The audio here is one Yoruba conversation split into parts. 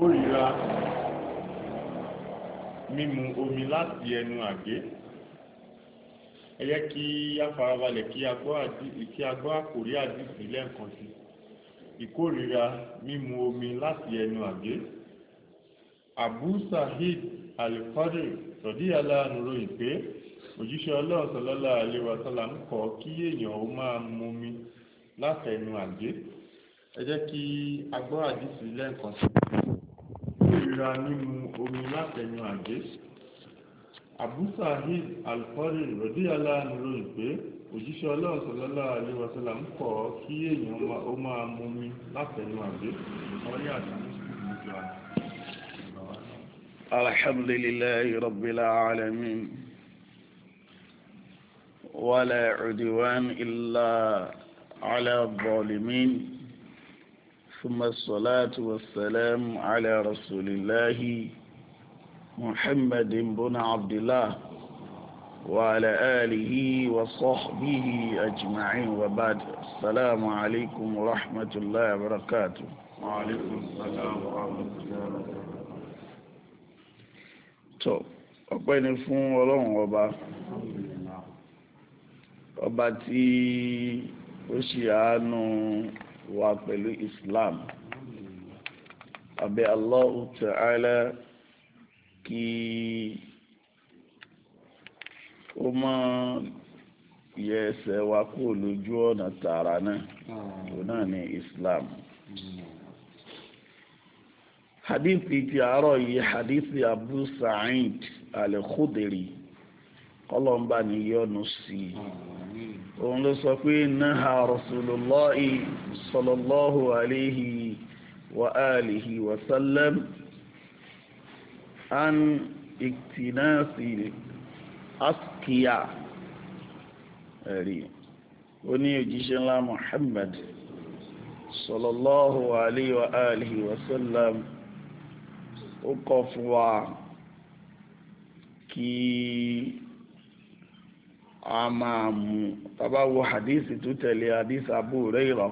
kórìíra mímu omi láti ẹnu àgé ẹyẹ kí a farabalẹ̀ kí agbọ́ àkórí àdìsí lẹ́ẹ̀kan sí mímu omi láti ẹnu àgé Abu Sahid alifadir khudri sọ̀dí aláàánúró òjíṣẹ́ ọlọ́ọ̀sọ̀lọ́lá ń kọ́ kí èèyàn ó máa látẹnu àgé kí àdìsí kórìíra mímu omi látẹnu àgé Abu Sa'id Al-Khudri rọ̀díyàlá nírò ìpé òjíṣẹ́ ọlọ́run sọ̀lọ́lá àlewọ̀sọ́là ń kọ̀ ọ́ kí èèyàn ó máa mú mi látẹnu àgé ọ̀rẹ́ àti mùsùlùmí jọ alhamdulillahi alamin wala udwan illa ala zalimin ثم الصلاة والسلام على رسول الله محمد بن عبد الله وعلى آله وصحبه أجمعين وبعد السلام عليكم ورحمة الله وبركاته وعليكم السلام ورحمة الله وبركاته ọpẹ́ ni fún ọlọ́run ọba ọba tí ó wa pẹ̀lú Islam abẹ́ Allah Ta'ala kí ó máa yẹ ẹsẹ̀ wa kó lójú ọ̀nà tààrà náà òun náà ní Islam. hadithi ti àárọ̀ yìí hadithi Abu Sa'id Al-Khudri kọ́lọ́mbà ni yọ́nu òun ló sọ pé náà rasulullahi sallallahu alayhi wa alihi wa sallam an iktinasi askiya ẹ̀rí ó ní òjíṣẹ́ ńlá Muhammad sallallahu alayhi wa alihi wa sallam ó kọ̀ fún wa kí a máa mú tàbá wo hadith tó tẹ̀lé hadith Abu Hurairah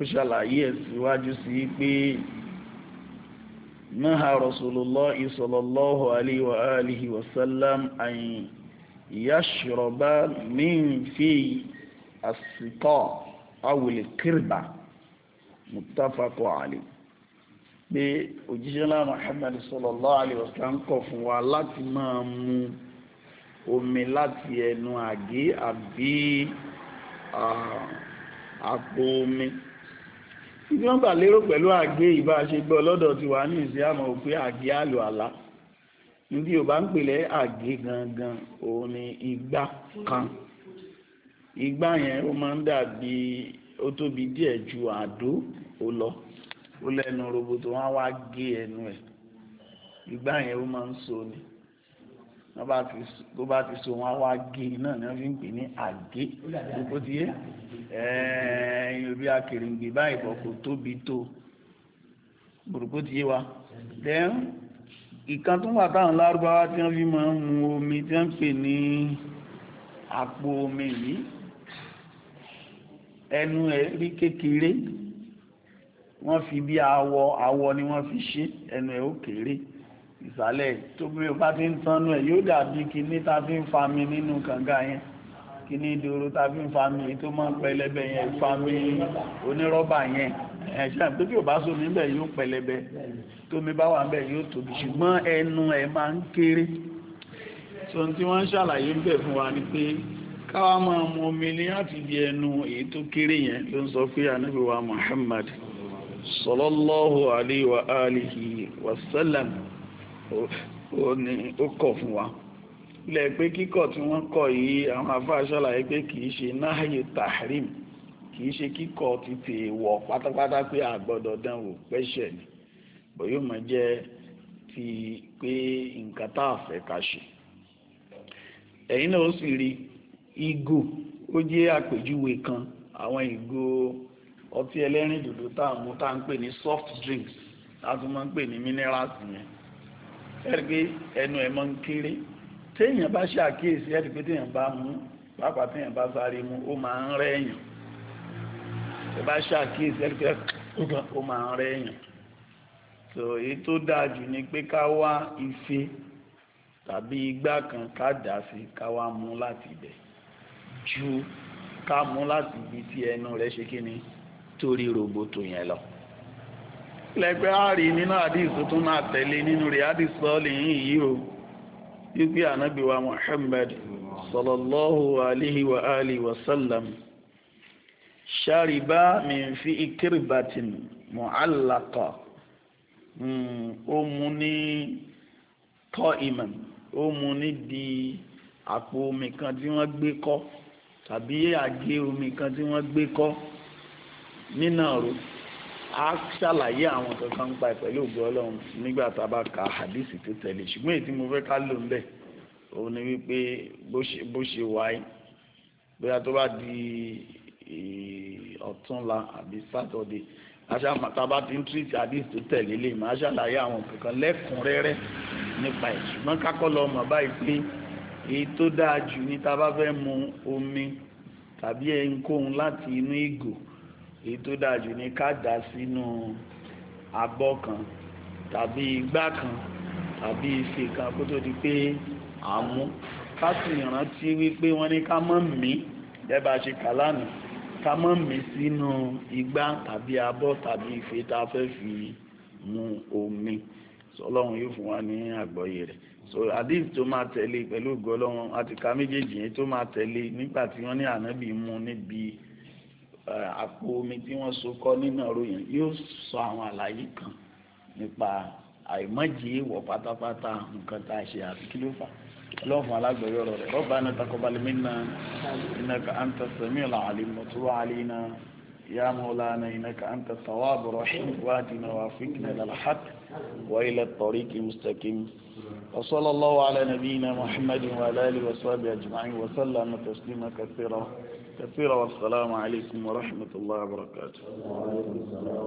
ó ṣàlàyé ẹ̀ síwájú sí pé náà Rasulullah sallallahu alaihi wa alihi wa sallam an yashraba min fi àsìkò awòlè kírìbà muttafaq alaihi pé òjíṣẹ́ lára Muhammad sallallahu alaihi wa sallam ń kọ̀ fún wa láti máa mú omi láti ẹnu àgé àbí àpò omi ibi wọ́n gbà lérò pẹ̀lú àgé ìbá ṣe gbọ́ lọ́dọ̀ ti wà ní ìsí àmọ́ pé àgé àlò àlá níbi ò bá ń pèlẹ àgé gangan òun ni igbá kan igbá yẹn ó máa ń dàbí ó tóbi díẹ̀ ju àdó ó lọ ó lẹ́nu roboto wọ́n wá gé ẹnu ẹ̀ igbá yẹn ó máa ń so ni tó bá ti so wọn wá gé e náà ni wọ́n fi ń pè ní àgé tó ti yé ẹ̀ẹ́n bí báyìí bọ̀ kò tóbi tó burúkú ti wa then ìkan tó wà táwọn lárúbáwá tí wọ́n fi máa ń mu omi tí wọ́n ń pè ní àpò omi yìí ẹnu ẹ̀ rí kékeré wọ́n fi bí awọ awọ ni wọ́n fi ṣe ẹnu ẹ̀ ó kéré ìsàlẹ̀ tó bí o bá ti ń tánú ẹ̀ yóò dàbí kíní ta fi ń fami nínú kànga yẹn kíní ìdòrò ta fi ń fami tó máa ń pẹlẹbẹ yẹn fami onírọ́bà yẹn ẹ̀ṣẹ́ pé tí o bá sómi ń bẹ̀ yóò pẹlẹbẹ tómi bá wà ń bẹ̀ yóò tóbi ṣùgbọ́n ẹnu ẹ̀ máa ń kéré so tí wọ́n ń ṣàlàyé ń bẹ̀ fún wa ni pé káwa máa mu omi ní láti di ẹnu èyí tó kéré yẹn ló ń sọ pé ànábì wa Muhammad sallallahu alaihi wa sallam ó kọ fún wa lẹ pé kíkọ̀ tí wọ́n kọ̀ yìí àwọn afáà ṣàlàyé pé kì ṣe náàyè tahrim ṣe kíkọ̀ títí wọ̀ pátápátá pé àgbọ́dọ̀ ni bó yóò ti pé nǹkan tá a fẹ́ ká ṣe ẹ̀yin náà ó sì rí ìgò ó jẹ́ àpèjúwe kan àwọn ìgò ọtí ẹlẹ́rìndòdò tá a mú tá a ń pè ní soft drinks minerals yẹn ẹ̀rí pé ẹnu ẹ̀ máa ń kéré téèyàn bá ṣàkíyèsí ẹ̀rí pé téèyàn bá mú pàápàá téèyàn bá sáré mú ó máa ń rẹ́ èèyàn tẹ́ bá ṣàkíyèsí ẹ̀rí pé ó máa ń rẹ́ èèyàn so èyí tó dáa jù ni pé ká wá ife tàbí igbá kan ká dà sí ká wá mú láti ibẹ̀ ju ká mú láti ibi tí ẹnu rẹ̀ ṣe kí ni torí roboto yẹn lọ lẹ́gbẹ́ àárí nínú àdìsù tún máa tẹ̀lé nínú rẹ̀ àdìsù lè yìí o wípé ànábìwá Muhammad sallallahu alaihi wa alihi wa sallam ṣàrìbá min fi ikirbatin mu'allaqa hmm, ó mu ní tọ́ ìmọ̀ ó mu ní di àpò omi kan tí wọ́n gbé kọ́ tàbí àgé omi kan tí wọ́n gbé kọ́ nínà rò a ṣàlàyé àwọn kankan ń pa pẹ̀lú ògbó ọlọ́run nígbà tá a bá ka hadisi tó tẹ̀lé ṣùgbọ́n èyí tí mo fẹ́ ká lò ń bẹ̀ òun ni wípé bó ṣe wáyé bóyá tó bá di eh, ọ̀túnla àbí sátọ̀dé aṣáàmàtàbá ti ń tírìtì àdìsí tó tẹ̀lé lè máa ṣàlàyé àwọn kankan lẹ́kùnrẹ́rẹ́ nípa ẹ̀ ṣùgbọ́n kákọ́lọ́ ọmọ báyìí pé èyí tó dáa jù ní tá a bá fẹ́ mu omi tàbí ẹnkóhun láti inú ìgò èyí tó dáa jù ní ká dà sínú abọ́ kan tàbí igbá kan tàbí ife kan kó tó di pé à ń mú ká sì rántí wípé wọ́n ní ká mọ́ mí jẹ́bà ṣe kà lánàá ká mọ́ mí sínú igbá tàbí abọ́ tàbí ife tá a fẹ́ fi mu omi sọlọ́run yóò fún wa ní àgbọ́yé rẹ̀ so hadith tó máa tẹ̀lé pẹ̀lú ògo ọlọ́run àti ká méjèèjì yẹn tó máa tẹ̀lé nígbà tí wọ́n ní ànábì mu níbi àpò omi tí wọ́n so kọ́ nínú ròyìn yóò sọ àwọn àlàyé kan nípa àìmọ́jì èèwọ̀ pátápátá nǹkan tá a ṣe àti kí ló fà lọ́wọ́ alágbèrè ọ̀rọ̀ rẹ̀ Rabbana taqabbal minna innaka anta as-sami'ul 'alim wa tub 'alaina ya Mawlana innaka anta at-tawwabur rahim wa atina wa wafiqna lil haqq wa ila at-tariqil mustaqim wa sallallahu ala nabiyyina Muhammadin wa ala alihi wa sahbihi ajma'in wa sallama taslima kathira كثيرا والسلام عليكم ورحمة الله وبركاته